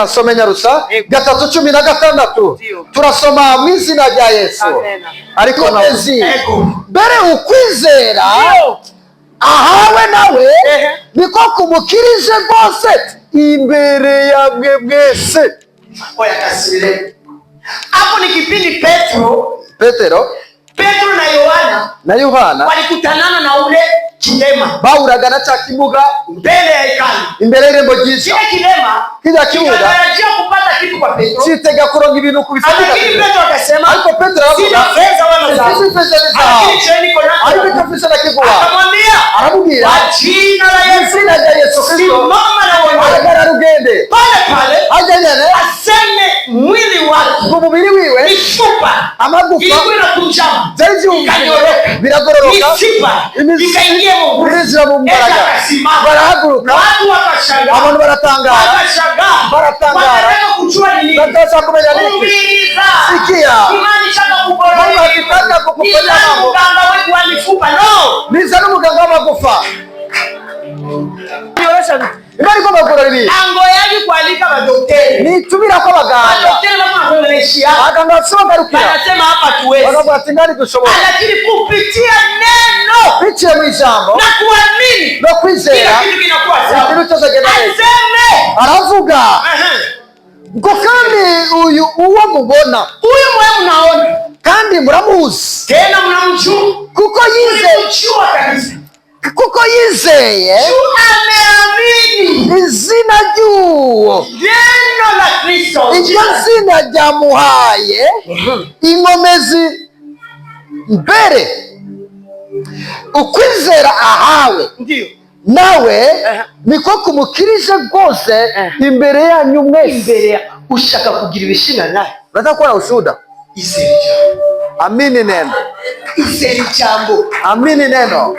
kansome nyarusa gatatu cumi na gatandatu turasoma mu izina rya yesu ariko nezi mbere ukwizera ahawe nawe niko kumukirije rwose imbere ya mwe mwese hapo ni kipindi petero petero petero na yohana na yohana walikutanana na ule kilema bauraga cyakibuga imbere ya ikani imbere y'irembo ry'isi kino kibuga kitega kuronga ibintu ku ariko petero aravuga izina rya yesu kristo aragara rugende Kuvumiliwa iwe amagufa biragororoka, ikaingia mu mbaraga, barahaguruka, abantu baratangara, baratangara, batashaka kumenya nini. niza n'umuganga w'amagufa imana igomba kugorora ibintu, nitumira kw'abaganga mambo kupitia neno. Na kuamini. Na kitu kinakuwa sawa. Ngo kandi uyu uwo mubona. Uyu mwe mnaona. Kandi muramuzi. Tena mnamjua. Kuko yizeye. kabisa kuko yizeye. Ameamini. Izina juu neno la Kristo, iryo zina ryamuhaye uh-huh. inkomezi mbere ukwizera ahawe nawe uh-huh. niko kumukirije rwose uh-huh. imbere yanyu mwese. Ushaka kugira ibishina naye, nataka ushuda na cyangwa Amini neno, cyangwa amini neno.